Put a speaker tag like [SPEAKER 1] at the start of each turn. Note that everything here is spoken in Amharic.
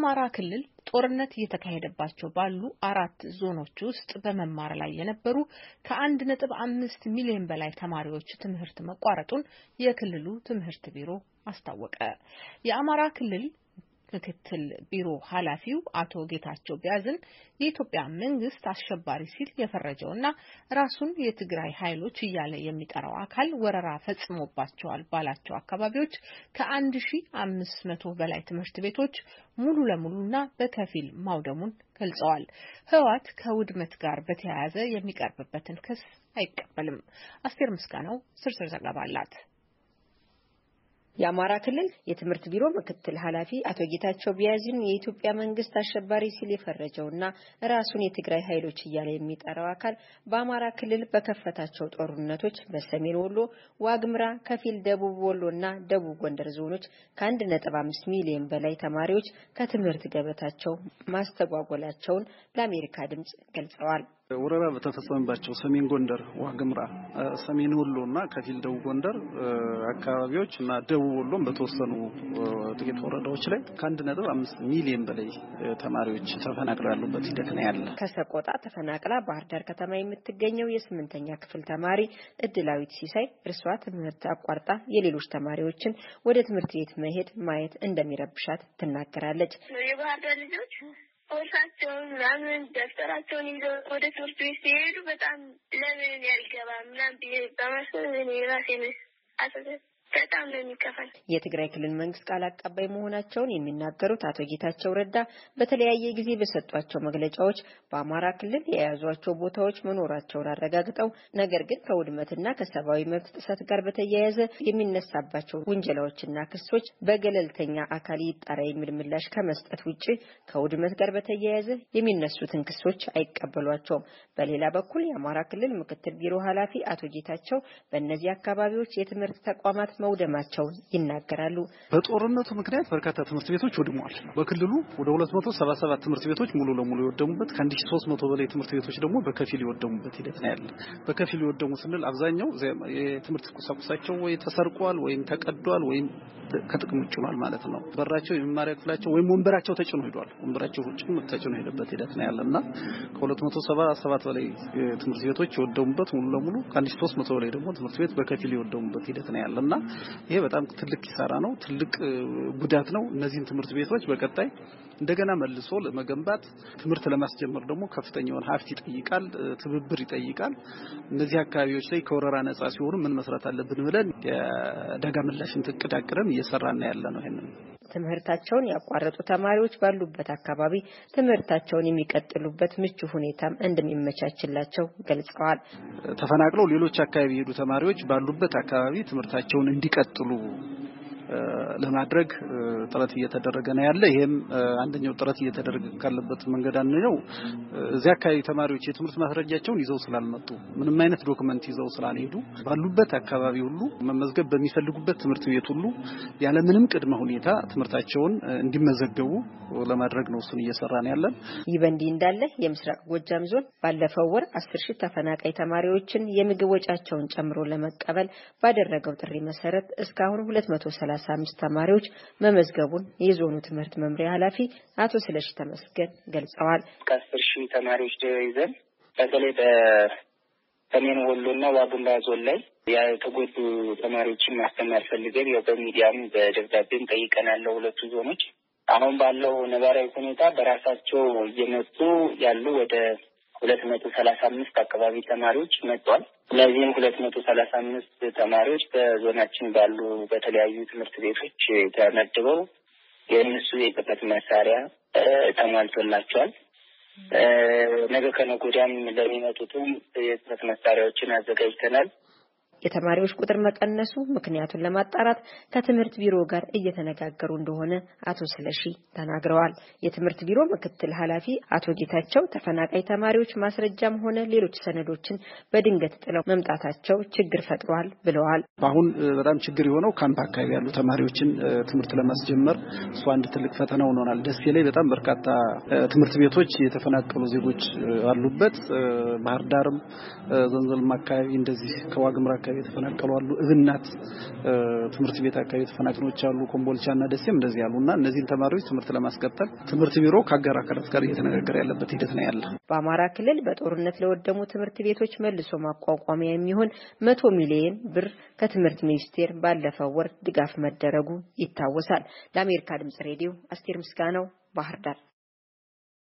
[SPEAKER 1] በአማራ ክልል ጦርነት እየተካሄደባቸው ባሉ አራት ዞኖች ውስጥ በመማር ላይ የነበሩ ከአንድ ነጥብ አምስት ሚሊዮን በላይ ተማሪዎች ትምህርት መቋረጡን የክልሉ ትምህርት ቢሮ አስታወቀ። የአማራ ክልል ምክትል ቢሮ ኃላፊው አቶ ጌታቸው ቢያዝን የኢትዮጵያ መንግስት አሸባሪ ሲል የፈረጀው እና ራሱን የትግራይ ኃይሎች እያለ የሚጠራው አካል ወረራ ፈጽሞባቸዋል ባላቸው አካባቢዎች ከአንድ ሺ አምስት መቶ በላይ ትምህርት ቤቶች ሙሉ ለሙሉ እና በከፊል ማውደሙን ገልጸዋል። ህወሓት ከውድመት ጋር በተያያዘ የሚቀርብበትን ክስ አይቀበልም። አስቴር ምስጋናው ዝርዝር ዘገባ አላት።
[SPEAKER 2] የአማራ ክልል የትምህርት ቢሮ ምክትል ኃላፊ አቶ ጌታቸው ቢያዝን የኢትዮጵያ መንግስት አሸባሪ ሲል ና ራሱን የትግራይ ኃይሎች እያለ የሚጠራው አካል በአማራ ክልል በከፈታቸው ጦርነቶች በሰሜን ወሎ፣ ዋግምራ፣ ከፊል ደቡብ ወሎ እና ደቡብ ጎንደር ዞኖች ከአንድ ነጥብ አምስት ሚሊዮን በላይ ተማሪዎች ከትምህርት ገበታቸው ማስተጓጎላቸውን ለአሜሪካ ድምጽ ገልጸዋል።
[SPEAKER 3] ወረራ በተፈጸመባቸው ሰሜን ጎንደር፣ ዋግምራ፣ ሰሜን ወሎ እና ከፊል ደቡብ ጎንደር አካባቢዎች እና ደቡብ ወሎም በተወሰኑ ጥቂት ወረዳዎች ላይ ከአንድ ነጥብ አምስት ሚሊዮን በላይ ተማሪዎች ተፈናቅለው ያሉበት ሂደት ነው ያለ።
[SPEAKER 2] ከሰቆጣ ተፈናቅላ ባህር ዳር ከተማ የምትገኘው የስምንተኛ ክፍል ተማሪ እድላዊት ሲሳይ እርሷ ትምህርት አቋርጣ የሌሎች ተማሪዎችን ወደ ትምህርት ቤት መሄድ ማየት እንደሚረብሻት ትናገራለች። የባህር ዳር ልጆች ቦርሳቸውን ምናምን ደብተራቸውን ይዘው ወደ ትምህርት ቤት ሲሄዱ በጣም ለምን ያልገባ ምናምን ብዬ በማሰብ እኔ ራሴ
[SPEAKER 1] አሰሰ በጣም ነው የሚከፋኝ።
[SPEAKER 2] የትግራይ ክልል መንግስት ቃል አቀባይ መሆናቸውን የሚናገሩት አቶ ጌታቸው ረዳ በተለያየ ጊዜ በሰጧቸው መግለጫዎች በአማራ ክልል የያዟቸው ቦታዎች መኖራቸውን አረጋግጠው ነገር ግን ከውድመትና ከሰብአዊ መብት ጥሰት ጋር በተያያዘ የሚነሳባቸው ውንጀላዎችና ክሶች በገለልተኛ አካል ይጣራ የሚል ምላሽ ከመስጠት ውጭ ከውድመት ጋር በተያያዘ የሚነሱትን ክሶች አይቀበሏቸውም። በሌላ በኩል የአማራ ክልል ምክትል ቢሮ ኃላፊ አቶ ጌታቸው በእነዚህ አካባቢዎች የትምህርት ተቋማት መውደማቸው ይናገራሉ። በጦርነቱ ምክንያት በርካታ ትምህርት ቤቶች ወድመዋል።
[SPEAKER 3] በክልሉ ወደ 277 ትምህርት ቤቶች ሙሉ ለሙሉ የወደሙበት ከ1300 በላይ ትምህርት ቤቶች ደግሞ በከፊል የወደሙበት ሂደት ነው ያለ። በከፊል የወደሙ ስንል አብዛኛው የትምህርት ቁሳቁሳቸው ወይ ተሰርቋል ወይም ተቀዷል ወይም ከጥቅም ውጭ ሆኗል ማለት ነው። በራቸው የመማሪያ ክፍላቸው ወይም ወንበራቸው ተጭኖ ሄዷል። ወንበራቸው ውጭም ተጭኖ ሄደበት ሂደት ነው መቶ ከ277 በላይ ትምህርት ቤቶች የወደሙበት ሙሉ ለሙሉ ከ መቶ በላይ ደግሞ ትምህርት ቤት በከፊል የወደሙበት ሂደት ነው ያለና ይሄ በጣም ትልቅ ኪሳራ ነው፣ ትልቅ ጉዳት ነው። እነዚህን ትምህርት ቤቶች በቀጣይ እንደገና መልሶ ለመገንባት ትምህርት ለማስጀመር ደግሞ ከፍተኛውን ሀብት ይጠይቃል፣ ትብብር ይጠይቃል። እነዚህ አካባቢዎች ላይ ከወረራ ነጻ ሲሆኑ ምን መስራት አለብን ብለን የአደጋ ምላሽን እቅድ አቅደን እየሰራን ያለ ነው። ይሄንን
[SPEAKER 2] ትምህርታቸውን ያቋረጡ ተማሪዎች ባሉበት አካባቢ ትምህርታቸውን የሚቀጥሉበት ምቹ ሁኔታም እንደሚመቻችላቸው ገልጸዋል።
[SPEAKER 3] ተፈናቅለው ሌሎች አካባቢ የሄዱ ተማሪዎች ባሉበት አካባቢ ትምህርታቸውን እንዲቀጥሉ ለማድረግ ጥረት እየተደረገ ነው ያለ። ይሄም አንደኛው ጥረት እየተደረገ ካለበት መንገድ አንደኛው እዚያ አካባቢ ተማሪዎች የትምህርት ማስረጃቸውን ይዘው ስላልመጡ ምንም አይነት ዶክመንት ይዘው ስላልሄዱ ባሉበት አካባቢ ሁሉ መመዝገብ በሚፈልጉበት ትምህርት ቤት ሁሉ ያለምንም ቅድመ ሁኔታ ትምህርታቸውን እንዲመዘገቡ
[SPEAKER 2] ለማድረግ ነው እሱን እየሰራ ነው ያለን። ይህ በእንዲህ እንዳለ የምስራቅ ጎጃም ዞን ባለፈው ወር አስር ሺህ ተፈናቃይ ተማሪዎችን የምግብ ወጫቸውን ጨምሮ ለመቀበል ባደረገው ጥሪ መሰረት እስካሁን ሁለት መቶ ሰላሳ አምስት ተማሪዎች መመዝገቡን የዞኑ ትምህርት መምሪያ ኃላፊ አቶ ስለሺ ተመስገን ገልጸዋል።
[SPEAKER 3] ከአስር ሺህ ተማሪዎች ይዘን በተለይ በሰሜን ወሎና ዋቡላ ዞን ላይ የተጎዱ ተማሪዎችን ማስተማር ፈልገን ያው በሚዲያም በደብዳቤም ጠይቀናለው ሁለቱ ዞኖች አሁን ባለው ነባራዊ ሁኔታ በራሳቸው እየመጡ ያሉ ወደ ሁለት መቶ ሰላሳ አምስት አካባቢ ተማሪዎች መጥቷል። እነዚህም ሁለት መቶ ሰላሳ አምስት ተማሪዎች በዞናችን ባሉ በተለያዩ ትምህርት ቤቶች ተመድበው የእነሱ የጽህፈት መሳሪያ ተሟልቶላቸዋል። ነገ ከነገ ወዲያም ለሚመጡትም የጽህፈት መሳሪያዎችን አዘጋጅተናል።
[SPEAKER 2] የተማሪዎች ቁጥር መቀነሱ ምክንያቱን ለማጣራት ከትምህርት ቢሮ ጋር እየተነጋገሩ እንደሆነ አቶ ስለሺ ተናግረዋል። የትምህርት ቢሮ ምክትል ኃላፊ አቶ ጌታቸው ተፈናቃይ ተማሪዎች ማስረጃም ሆነ ሌሎች ሰነዶችን በድንገት ጥለው መምጣታቸው ችግር ፈጥሯል ብለዋል።
[SPEAKER 3] አሁን በጣም ችግር የሆነው ካምፕ አካባቢ ያሉ ተማሪዎችን ትምህርት ለማስጀመር እሱ አንድ ትልቅ ፈተና ሆኖናል። ደሴ ላይ በጣም በርካታ ትምህርት ቤቶች የተፈናቀሉ ዜጎች አሉበት። ባህር ዳርም፣ ዘንዘልም አካባቢ እንደዚህ ከዋግምራ አካባቢ የተፈናቀሉ አሉ። እብናት ትምህርት ቤት አካባቢ ተፈናቅኖች አሉ። ኮምቦልቻና ደሴም እንደዚህ እና እነዚህን ተማሪዎች ትምህርት ለማስቀጠል ትምህርት ቢሮ ከአጋር አካላት ጋር እየተነጋገረ ያለበት ሂደት ነው ያለ።
[SPEAKER 2] በአማራ ክልል በጦርነት ለወደሙ ትምህርት ቤቶች መልሶ ማቋቋሚያ የሚሆን መቶ ሚሊየን ብር ከትምህርት ሚኒስቴር ባለፈው ወር ድጋፍ መደረጉ ይታወሳል። ለአሜሪካ ድምጽ ሬዲዮ አስቴር ምስጋናው ባህር ዳር